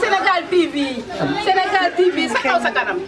Sénégal TV Sénégal TV sa kaw sa kanam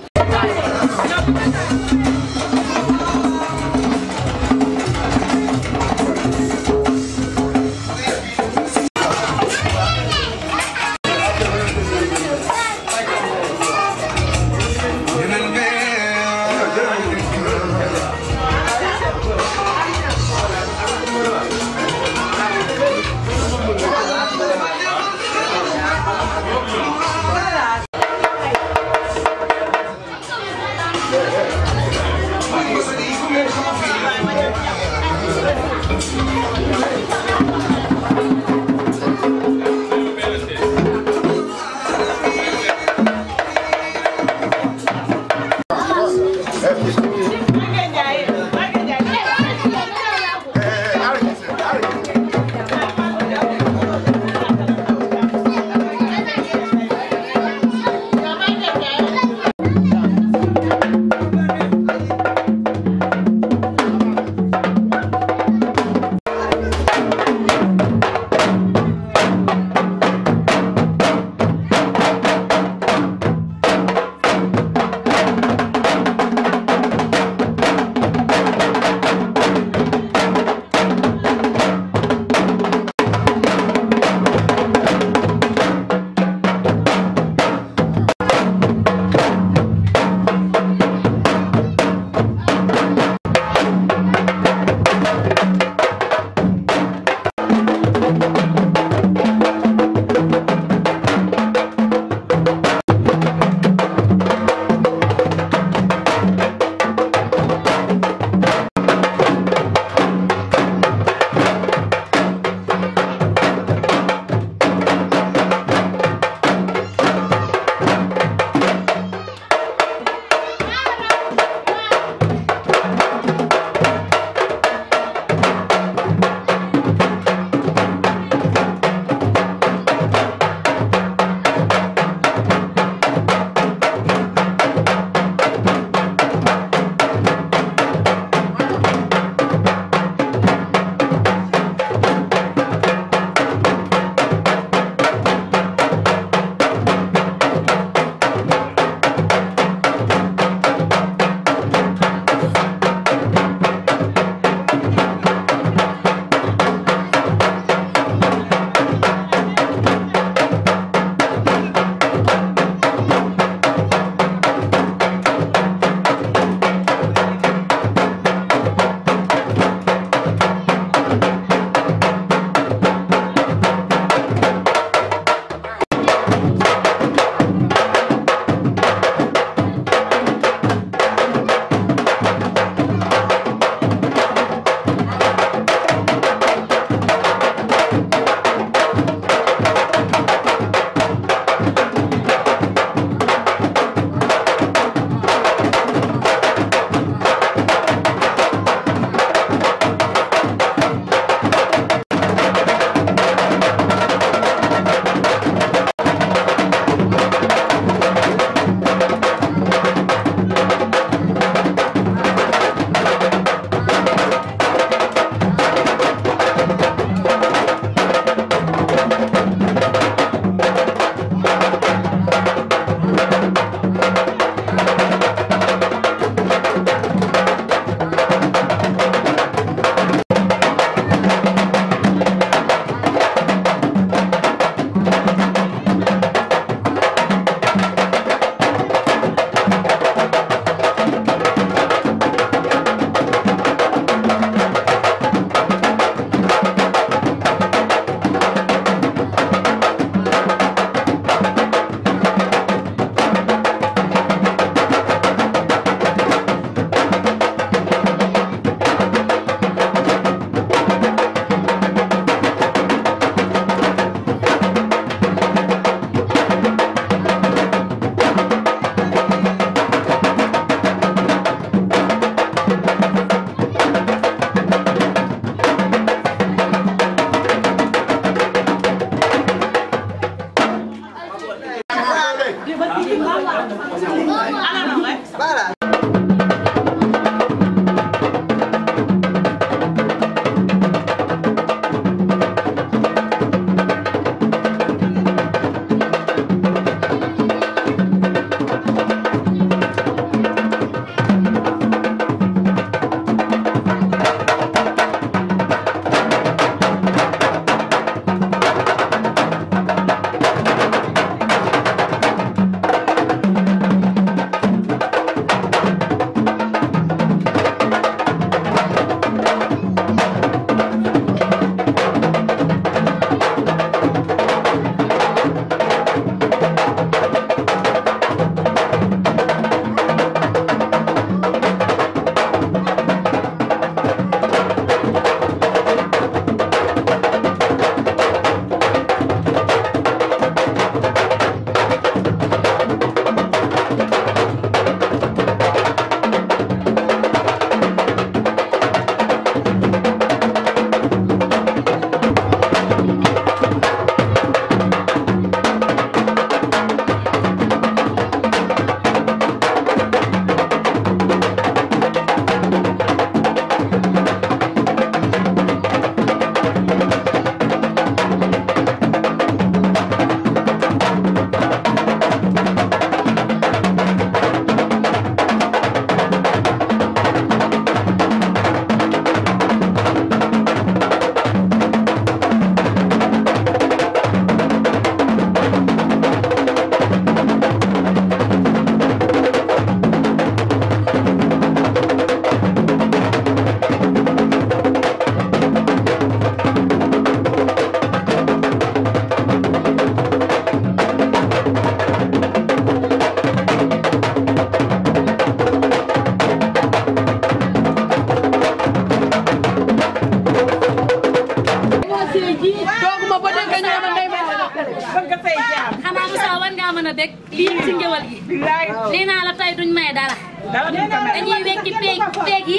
teggi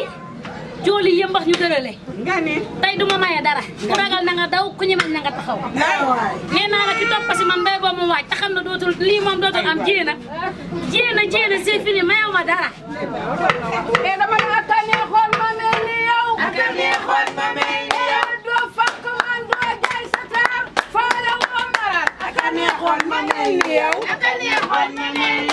jooli yëmbax ñu tërale nga ne tey duma maye dara ku ragal na nga daw ku ñemeñ na nga taxaw nee naa la ki topp si man mbay boo mu waaj te xam ne dootul lii moom dootul am jéena jéena jéena c'est fini maye ma dara e dama ne aka neexoon ma mel ni yow aka neexoon ma mel ni yow eh, doo fakk man doo jaay sa taar faale woo maral aka neexoon ma mel ni yow aka neexoon ma mel ni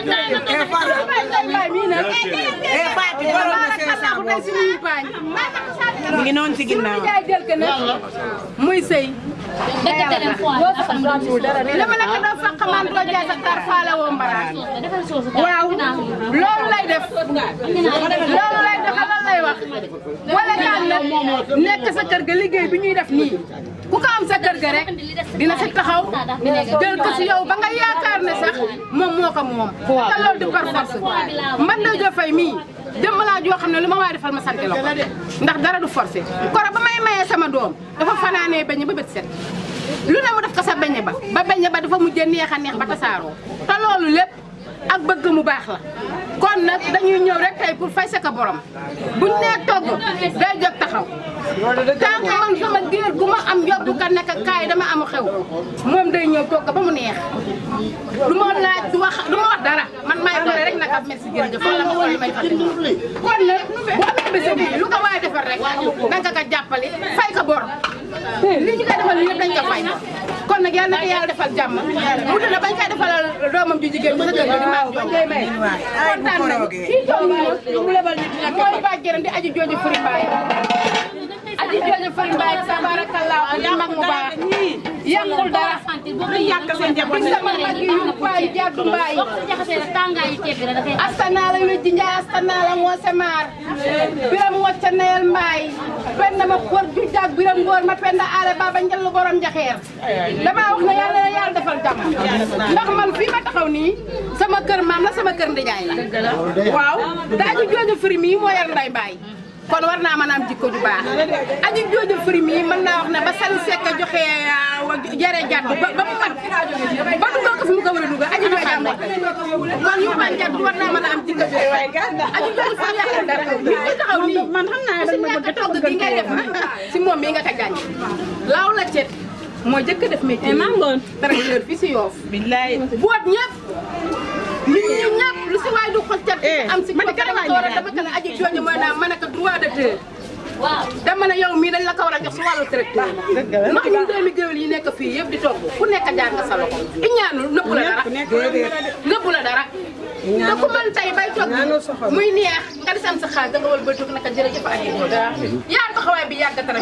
mu ngi noonu ci ginnaaw muy sëy dama la ko doon faq man jaay sa tar faale woo mbaraas waaw lay def loolu lay def lan lay wax wala kaam nag nekk sa kër ga liggéey bi ñuy def nii ku ko am sa kër ga rek dina fi taxaw jël ko si yow ba nga yaakaar ne sax moom moo ko moom. waaw te loolu du par force. man la joo fay mii jëmm laa joo xam ne lu ma waay defal ma sant la ndax dara du forcé koro ba may mayee sama doom dafa fanaanee bañ ba bët set. lu ne mu def ko sa beñe ba ba beñe ba dafa mujjee neex a neex ba tasaaroo te loolu lépp ak bëgg mu baax la kon nag dañuy ñëw rek tey pour fay sa ko borom buñ nee togg day jóg taxaw tant que man sama géer gu ma am yóbbu ka nekk kaay dama amu xew moom day ñëw togg ba mu neex du ma laaj du wax du ma wax dara man maay boole rek nag am merci jërëjëf wala ma xool li may fàtte kon nag bu amee bés bi lu ko waaye defar rek nanga ko jàppale fay ko borom li ñu koy defal yëpp dañ ko fay kon nag yàlla na ko defal jàmm mu dina bañ koy defalal doomam ju jigéen bu sa kër di maamu bañ koy di aju jooju furi ci jëñu fay mbaay tabarakallah yam mu baax yàqul dara du mbaay astana la wejji njaay astana biram wacca nayel penn ma góor ju jàgg biram góor ma penn aale baaba njël borom njaxeer dama wax na yàlla na yàlla defal jàmm ndax man fii ma taxaw nii sama kër maam la sama kër ndijaay la waaw daa jooju firi mii moo yar nday mbaay kon war naa mën jikko ju baax aji jojo firi mi mën naa wax na ba Sali sek a joxe euh, jere jàdd ba ba mat ba du ko fu mu ko war duga dugal aji jooju am kon yu man jàdd war naa mën a am jikko ju aji jooju fa yàlla dara mi ko taxaw nii man xam na dañ ma bëgg togg gi ngay def ci mom mi nga ko gàñ law la ciet moo jëk def metti e métier mangoon leur fi ci yof billahi boot ñep ñi ñep waaye du xol cat eh, am si ka dama ko war a dama ko ne aji jooju mooy naa ma ne ko droit de terre waaw dama ne la ko war a jox su wàllu ah, fii yëpp di togg ku nekk jaar nga sa loxo i ñaanul nëbbu la dara nëbbu la dara te ku mën tey bay togg muy neex nga di sam sa xaalis danga wal bay togg naka jërëjëf ak yaa taxawaay bi yàgg tara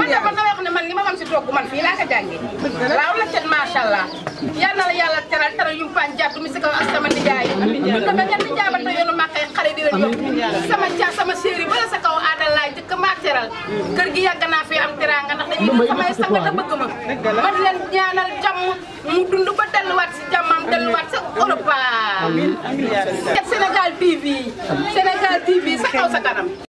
man dama na wax ne man li ma xam si togg man fii la cet macha allah yal te ba ngeen di jaabal yoonu màkk yi di leen yóbbu sama caa sama chéri bala sa kaw aadal laa jëkk maa teral kër gi yàgg naa fi am teraanga ndax dañuy samay sang te bëgg ma man leen ñaanal jàmm mu dund ba delluwaat si jàmmam delluwaat sa Europe Sénégal TV Sénégal TV sa kaw sa kanam